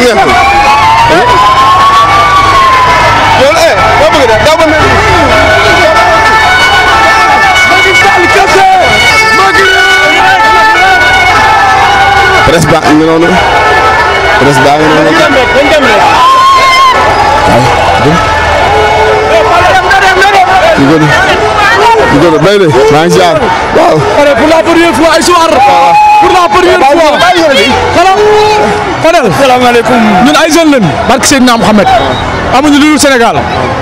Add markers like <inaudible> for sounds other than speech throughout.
ngeen ko. loolu eh boo bëgg de daa ba mel presse ba ngi noonu presse ba ngi noonu. waaw. maa ngi ziar waaw. pour la première fois xanaa xanaa salaamaaleykum ñun ay jeunes lañ barke Seydina Mohamed amuñu lu dul Sénégal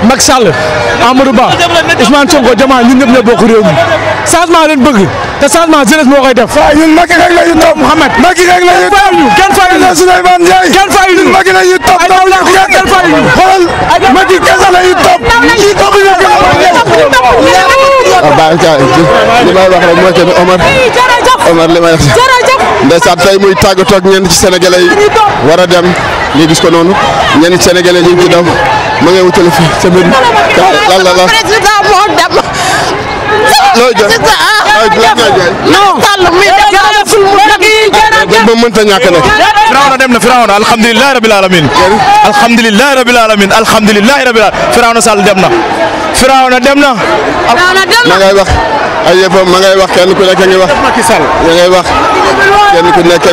Macky Sall Amadou Ba Ousmane Sonko Diomaye ñun ñëpp ñoo bokk réew mi changement leen bëgg te changement jeunesse moo koy def. waaw ñun Macky rek la ñu topp Mohamed. Macky rek la ñu topp kenn fayu ñu Souleymane Ndiaye kenn fayu ñu Macky la ñu topp ay ndaw la kenn fayu ñu xoolal Macky kese la ñu topp kii topp ñu kenn fayu ñu. waaw baax na li may wax rek mooy que ni Omar. Omar li may wax ndeysaan tey muy tàggatoo ak ñenn ci sénégalais yi war a dem lii gis ko noonu ñenn ci sénégalais ñu ngi ci daw ma ngay wutale fii sa mbir lan la la président moo dem looy jooy non ah, tàll mi dem jërëjëful mu dem ba mënta ñàkk nag firawna dem na firawna alhamdulilahi rabil alamin alhamdulilahi rabil alamin alhamdulilahi rabil alamin firawna sall dem na firawna dem na firawna dem na ngay wax ay yëfam ma ngay wax kenn ku nekk ngi wax Macky Sall ma ngay wax kenn ku nekk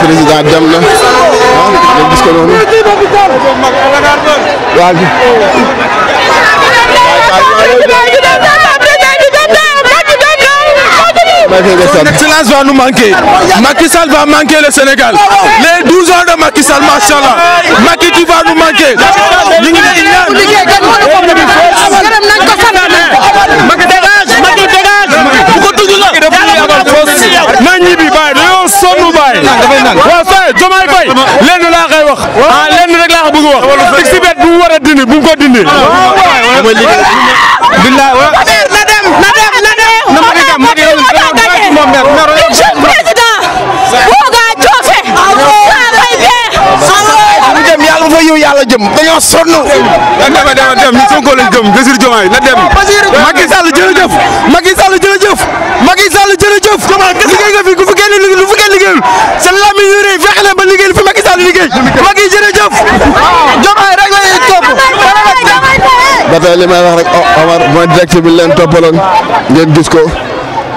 président dem na ah ngeen gis ko noonu waaw. Son excellence va nous manquer. le Sénégal. Les 12 ans de Macky Sall, Eh, Diomaye Faye lenn laa koy wax ah lenn rek laa ko bëgg wax dig si bet bu mu war a dindi bu mu ko dindi ah, billaay wa na dem na dem na dem na mu ngi dem mu ngi moom mer mer président boogaa coofe saafay bee mu dem yàlla fa yow jëm dañoo sonn na dem dem dem ñu Sonko lañ jëm Bassirou Diomaye na dem Macky Sall jërëjëf Macky Sall jërëjëf Macky Sall mag yi jërëjëf jomaay rek la ñuy topp ba tey li may rek Omar mooy direct bi leen toppaloon ngeen gis ko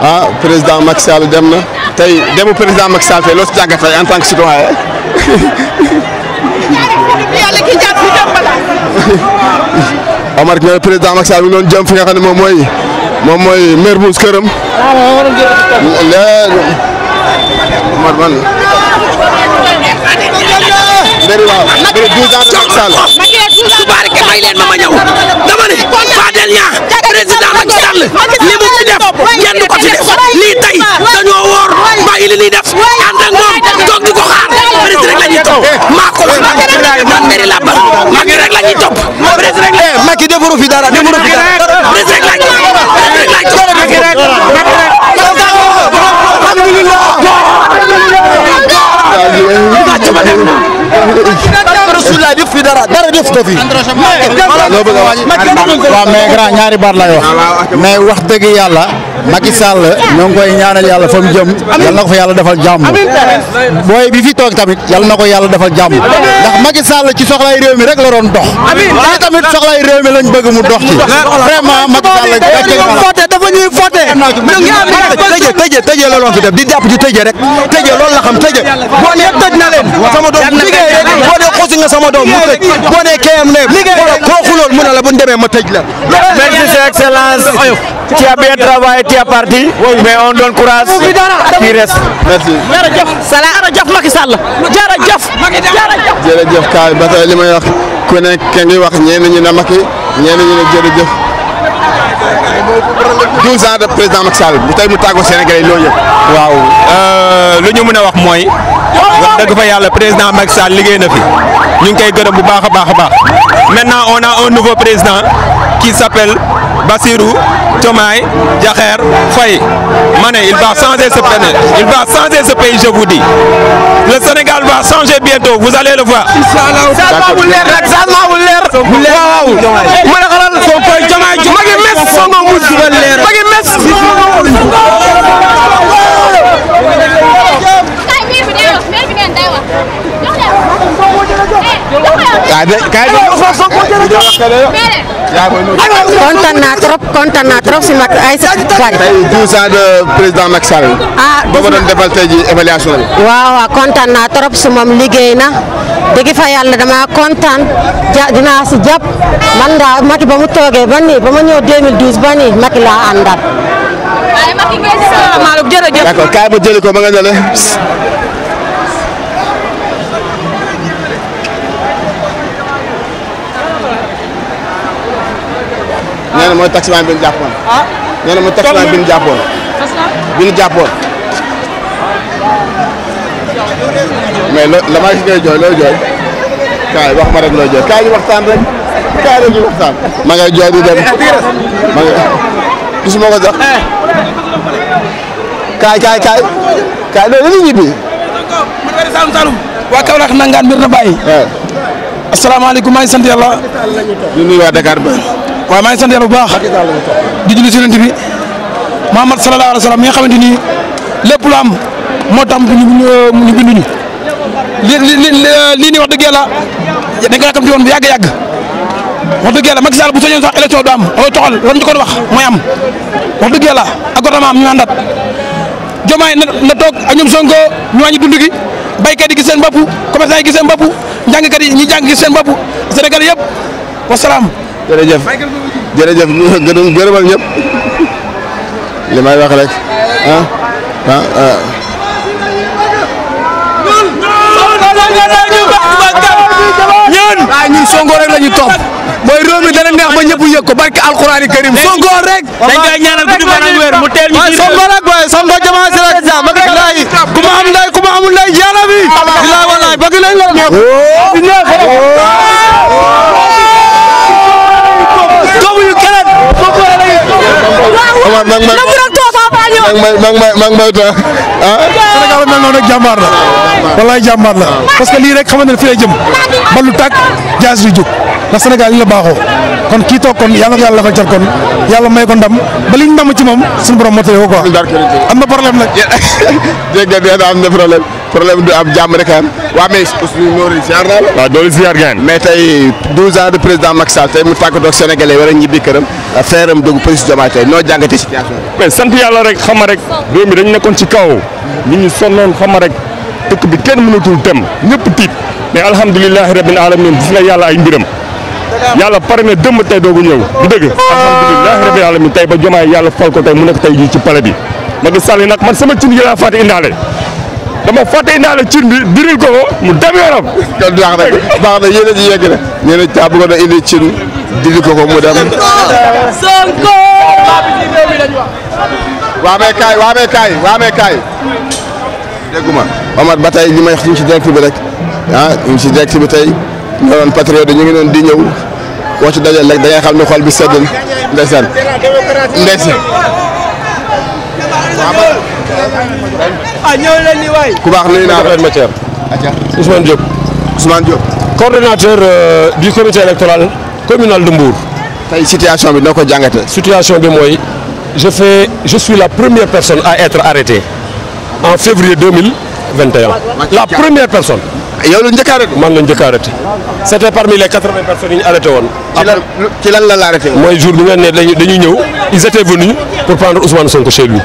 ah président Macky Sall dem na tey demu président Macky Sall fee loo si jàngat en tant que citoyen Omar ki nga président Macky Sall mi doon jëm fi nga xam ne moom mooy moom mooy Mermoz ah, man. bëri waaw bëri 12 ans de Sall. su barke may leen ma ma ñëw dama ne Fadel Niang président Macky Sall li mu fi def kenn du ko fi def lii tey dañoo woor bàyyi li ñuy def ànd ak moom toog di ko xaar président rek la ñuy topp maa ko wax man bëri laa ba Macky rek la ñuy topp président rek la Macky defaru fi dara defaru fi dara président rek la ñuy topp Macky rek alhamdulillah Rasulullah def fi dara dara def ko fi mais grand ñaari baat lay wax mais wax dëgg yàlla Macky Sall ñoo ngi koy ñaanal yàlla fa mu jëm yal na ko fa yàlla defal jàmm booy bi fi toog tamit yal na ko yàlla defal jàmm ndax Macky Sall ci soxlaay réew mi rek la doon dox te tamit soxlaay réew mi lañ bëgg mu dox ci tëje tëje tëje la doon fi def di jàpp ci tëje rek tëje loolu la xam tëje boo nee tëj na leen sama doom liggéey rek boo nee xusi nga sama doom mu tëj boo nee KM ne koo la bu ñu ma tëj la merci excellence tu as qui a parti mais on donne courage qui reste merci jërëjëf sala jërëjëf Macky Sall jërëjëf jërëjëf kaay ba tey li may wax ku nekk ke ngi wax ñenn ñi na Macky ñenn ñi ne jërëjëf 12 ans président Macky Sall bu tey mu tàggoo Sénégalais loo yëg waaw euh, lu ñu mën a wax mooy wax dëgg fa yàlla président Macky Sall liggéey na fi ñu ngi koy gërëm bu baax a baax a baax maintenant on un nouveau président qui s'appelle Bassirou Diomaye Diakhar Faye ma il va changer ce pays il va changer ce pays je le Sénégal va changer bientôt vous allez le voir. incha allah changement bu leer rek changement bu ma ne xoolal Sonko Diomaye ma waaw naa trop kontaan naa si mag ay sa Faye. tey ans de président Macky Sall. ah boo ko doon defal tey jii évaluation bi. naa trop si moom liggéey na dëgg fa yàlla dama kontaan ja dinaa si jàpp man daa Macky ba mu toogee ba nii ba ma ñëw 2012 ba nii Macky laa àndal. ko nee mooy taximaan bi ñu jàppoon. ah nee na mooy taximaan bi ñu jàppoon. bi ñu jàppoon. loo la maa gis ngay jooy kaay wax ma rek looy jooy kaay ñu waxtaan rek. kaay rek ñu jooy di dem ma ngay gisuma eh. kaay kaay kaay. kaay ñibbi. waa Kaolack nangaan mbir na bàyyi. Eh. asalaamaaleykum maa ngi sant yàlla. ñu waa Dakar ba. waa maa ngi sant bu baax di julli si yonent bi Muhammad sallallahu alayhi wa sallam mi nga xamante ni lépp lu am moo tax ñu ñu binduñu li li lii nii wax dëgg yàlla dañ ko yàkkamti woon bu yàgg bu soñoon sax élection du am loolu toxal loolu ñu ko wax mooy am wax dëgg yàlla ak gouvernement am ñu àndat Diomaye na na toog ak ñoom Sonko ñu wàññi dund gi béykat yi gis seen bopp commerçant yi gis seen bopp njàngkat yi ñi jàng seen bopp Sénégal yëpp wasalaam. jërëjëf jërëjëf gërëm gërëmal ñëpp li may wax rek ah ah. ah. ah ñun mooy réew mi neex ba ñëpp yëg ko barke alxuraani karim Sonko rek. dañ koy ñaanal guddi fan ak weer mu teel ñu. waaw Sonko rek waaye Sonko jamaa si rek. ku ma am ndey ku ma amul ndey yàlla bi. bilaay walaay bëgg nañ la. Oh! ma ma ma ma ma ma ah. Sénégal mel noonu rek jàmbaar la. wallaay jàmbaar la parce que lii rek xamante ne fii lay jëm. balu tàkk jaas di jóg yi la baaxoo. kon kii toog kon yàlla yàlla dafa jot kon yàlla may ko ndam ba liñ ndam ci moom suñu borom motalee ko quoi. am na <laughs> na problème jàmm rek am. waa mais Nourou ziar doole ziar gain. mais tey 12 ans de président Macky Sall tey mu tàggatoo ak sénégalais war a ñibbi këram feeram dugg police Diomaye tey noo jàngatee situation bi. mais sant yàlla rek xama rek. réew mi dañ nekkoon ci kaw. nit ñi sonnoon xama rek. dëkk bi kenn mënatul dem ñëpp tiit mais alhamdulilah rabbil alamin gis nga yàlla ay mbiram. yàlla pare na dëmb tey doogu ñëw du dëgg alhamdulilah rabbil alamin tey ba jomaay yàlla fal ko tey mu nekk tey jii ci palais bi Macky Sall nag man sama cin gi laa indaale dama fàtte indaale cin diril ko mu dem yoonam kon baax na baax na yéen a ji yegg na yéen a taa bëggoon a indi cin diril ko ko mu dem Sonko waamee kaay waamee kaay waamee kaay dégguma Omar ba tey li may wax ñu ci direct bi rek ah, ñu ci direct bi tey ñoo doon patriote ñu ngi doon di ñëw boo ci dajal rek da ngay xam ne xol bi sedd na ndeysaan ndeysaan ah ñëw leen ni waay. ku baax nuyu naa la matière. Ousmane Diop. Ousmane Diop. coordonnateur euh, du comité électoral communal de Mbour. tey bi noo ko jàngatee. situation bi mooy je fais je suis la première personne à être arrêtée en février 2021 la première personne. yow la njëkk a man la njëkk a arrêté c' était parmi les quatre vingt personnes yi ñu arrêté mooy jour bi nga ne dañuy dañuy ñëw ils étaient venus pour prendre Ousmane Sonko chez lui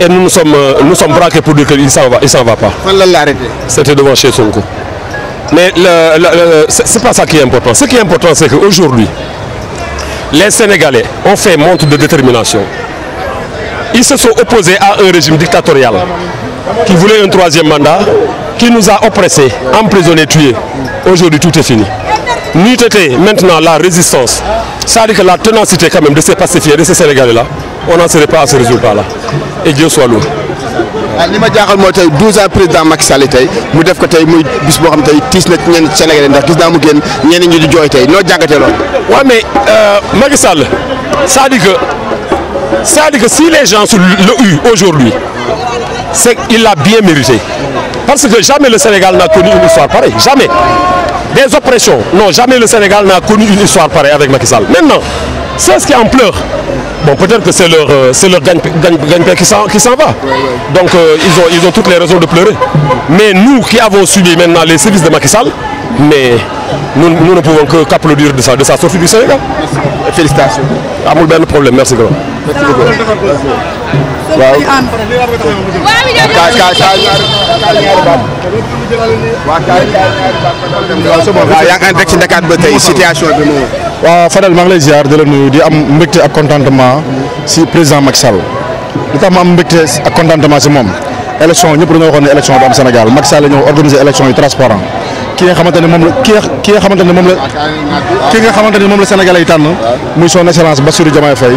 et nous nous sommes euh, pour dire que il s' va s' en va pas. fan la la arrêté. c' était devant Sonko mais le, le, le c' est pas ça qui est important ce que aujourd'hui les Sénégalais ont fait montre de détermination ils se sont opposés à un régime dictatorial qui voulait un troisième mandat. qui nous a oppressés, emprisonnés, tués. Aujourd'hui, tout est fini. Nous était maintenant la résistance. Ça veut que la tenacité quand même de ces pacifiés, de ces Sénégalais-là, on n'en serait pas à ce résultat-là. Et Dieu soit loué. Ah, ma jaaxal mooy tey 12 ans président Macky Sall tey mu def ko tey muy bis boo xam tey tiis na ñenn Sénégalais ndax gis naa mu génn ñenn ñi di jooy tey noo jàngatee loolu. waaw mais euh, Macky Sall c'est-à-dire que si les gens l'ont eu aujourd'hui c'est qu'il l'a bien mérité. Parce que jamais le Sénégal n'a connu une histoire pareille. Jamais. Des oppressions. Non, jamais le Sénégal n'a connu une histoire pareille avec Macky Maintenant, c'est ce qui en pleure. Bon, peut-être que c'est leur, euh, gagne, gagne, qui s'en va. Donc, euh, ils, ont, ils ont toutes les raisons de pleurer. Mais nous qui avons subi maintenant les services de Macky Sall, mais nous, nous ne pouvons qu'applaudir qu de, ça, de sa sortie du Sénégal. Félicitations. Amoul, ben, problème. Merci grand. Merci beaucoup. kaay kaay kaay ñaari ñaari baat. waaw kaay kaay yaa ngi ànd rek ci Dakar ba tey situation bi moom. waaw Fadel maa ngi lay ziar di la nuyu di am mbégte ak contentement si président Macky li tax ma am mbégte ak contentement si moom élection ñëpp dañoo waxoon ne élection du am Sénégal Macky Sall ñëw organiser élection yu transparent ki nga xamante ne moom la ki ki nga xamante ne moom la ki nga xamante ne moom la Sénégalais yi tànn muy son excellence Bassirou Diomaye Faye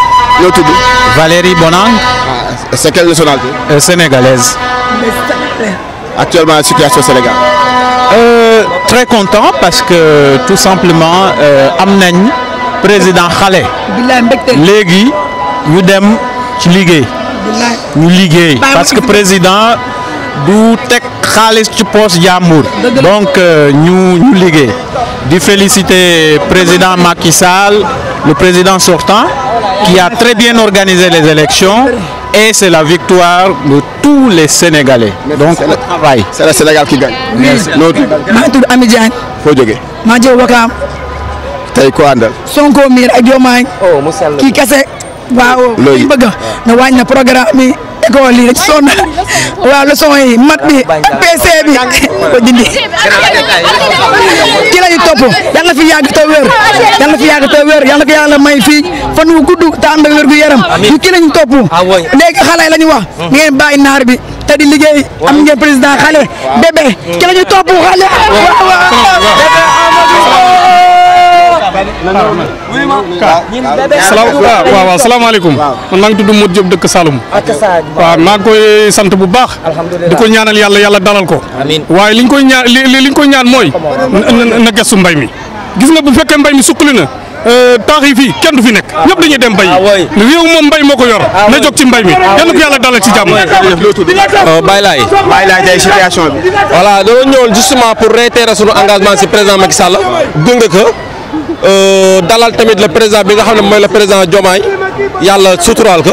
ñoo tudd. Valérie Bonang. ah euh, sénégalaise. actuellement la situation Sénégal. Euh, très content parce que tout simplement euh, am nañ président xale. léegi ñu dem ci liggéey. ñu liggéey parce que président du teg xaalis ci poste jàmbur. donc euh, ñu ñu liggéey. di féliciter président Macky Sall le président sortant. qui a très bien organisé les élections et c'est la victoire de tous les Sénégalais. donc le travail. c'est le Sénégal qui gagne. merci loolu. maa ngi tudd Ami Diagne. foo waaw looy bëgg na wàññi na programme yi école yi rek sonn waaw leçon yi mat bi PC bi ko dindi ci lañu topp yal na fi yàgg te wér yal fi yàgg te wér yal na ko yàlla may fii fan gudd te ànd ak wér gu yaram ñu ki lañu topp ah, léegi xale lañu wax hmm. ngeen bàyyi naar bi te liggéey am ngeen président xale bébé ki lañu topp xale waaw waaw waaw salaamaaleykum man maa ngi tudd Modou Diop dëkk Saloum waaw maa ngi koy sant bu baax di ko ñaanal yàlla yàlla dalal ko waaye liñ koy ñaan liñ koy ñaan mooy na gëstu mbay mi gis nga bu fekkee mbay mi suqali na euh, taax yi fii kenn du fi nekk ah, ñëpp dañuy dem mbay yi ah, réew moom mbay moo ko yor ah, na jóg ci mbay mi yàlla ko yàlla dalal ci jàmm Baye Laye Baye Laye tey situation bi voilà dañoo ñëwoon justement pour réitérer sunu engagement si président Macky Sall gënga ko Euh, dalal tamit le président bi nga xam ne mooy le président Diomaye yàlla suturaal ko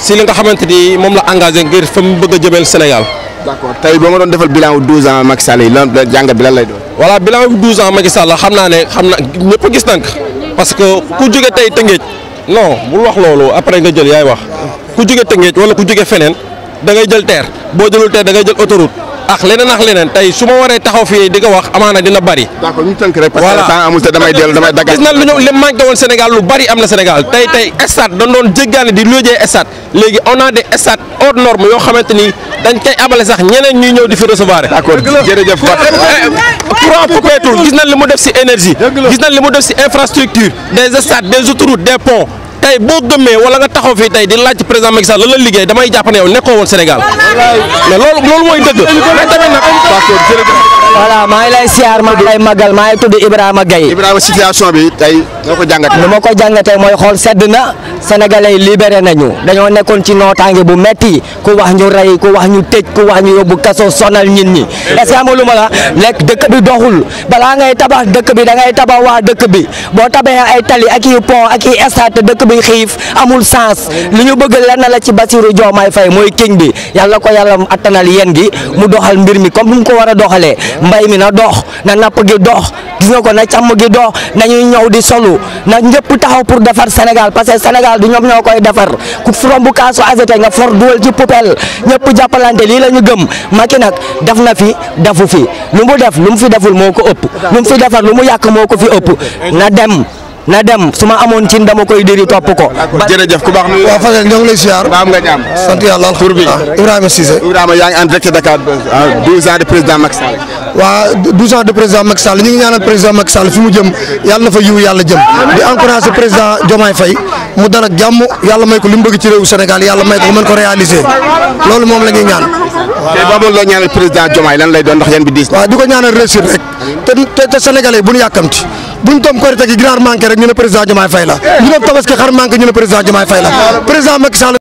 si li nga xamante ni moom la engagé ngir fa mu bëgg a jëmeel Sénégal. d' accord ma doon defal bilan wu 12 ans Macky yi lan jàngat bi lay doon. voilà bilan wu 12 ans Macky Sall xam naa ne xam na ñëpp gis nañ ko parce que ku jóge tey Tëngéej non bul wax loolu après nga jël yaay wax ku jóge Tëngéej wala ku jóge feneen da jël terre boo jëlul terre da ak leneen ak leneen tey su ma waree taxaw fii di ko wax amaana dina bari. d'accord ñu tënk rek damay dellu damay daggal. gis na lu ñu li manqué woon Sénégal lu bari am na Sénégal tey tey stade dañ doon jéggaane di lojee stade léegi on a des stades hors norme yoo xamante ni dañ koy abale sax ñeneen ñuy ñëw di fi recevoir. d'accord jërëjëf eh, eh, eh, courant coupeetul gis nañ li mu def ci énergie. gis nañ li mu def ci infrastructure des stades des autoroutes des ponts. tey boo gëmmee wala nga taxaw fii tey di laaj président Macky Sall lan la liggéey damay jàpp ne yow nekkoo woon Sénégal mais lool loolu mooy dëgg mais tamit nag voilà maa ngi lay siyaar maa ngi lay magal maa ngi tudd Ibrahima Gueye Ibrahima situation bi tey noo ko jàngatee nu ma ko jàngatee mooy xool sedd na sénégalais yi libéré nañu dañoo nekkoon ci nootaange bu metti ku wax ñu rey ku wax ñu tëj ku wax ñu yóbbu kaso sonal ñit ñi est-ce que amul lu ma la lekk dëkk bi doxul balaa ngay tabax dëkk bi da ngay tabax waa dëkk bi boo tabaxee ay tali ak i pont ak i stade dëkk bi xiif amul sens li ñu bëgg lenn la ci Bassirou Diomaye fay mooy king bi yàlla ko yàlla attanal yéen gi mu doxal mbir mi comme ni mu ko war a doxalee mbay mi na dox na napp gi dox gis nga ko na càmm gi doo nañuy ñow di solu na ñëpp taxaw pour defar Sénégal parce que Sénégal du ñoom ñoo koy defar ku bu kaasu azote nga for duwal ci poubelle ñëpp jàppalante lii la ñu gëm Macky nag def na fi defu fi lu mu def lu mu fi deful moo ko ëpp lu mu fi defar lu mu yàq moo ko fi ëpp na dem na dem su ma amoon ci dama koy diri topp ko. jërëjëf ku baax. waaw Fadel ñoo ngi lay ziar. baam nga ñaam. yàlla alhamdulilah Ibrahima Cissé. Ibrahima yaa ngi ah, de président Macky Sall. waa 12 ans de président Macky Sall ñu ñaanal président Macky saal fi mu jëm yàlla na fa yiw yàlla jëm di encouragé président Diomaye Faye mu dal ak jàmm yàlla may ko li mu bëgg ci réewu Sénégal yàlla may ko mën ko réaliser loolu moom la ñuy ñaan. voilà tey boobu loo ñaanal président Diomaye lan lay doon ndax yan bi diis. waaw di ko ñaanal réussir rek te te bu yàkkamti bu doom korite gi ginaar manqué rek ñu ne président Diomaye Faye la eh. ñu doom tabaski xar manqué ñu ne président Diomaye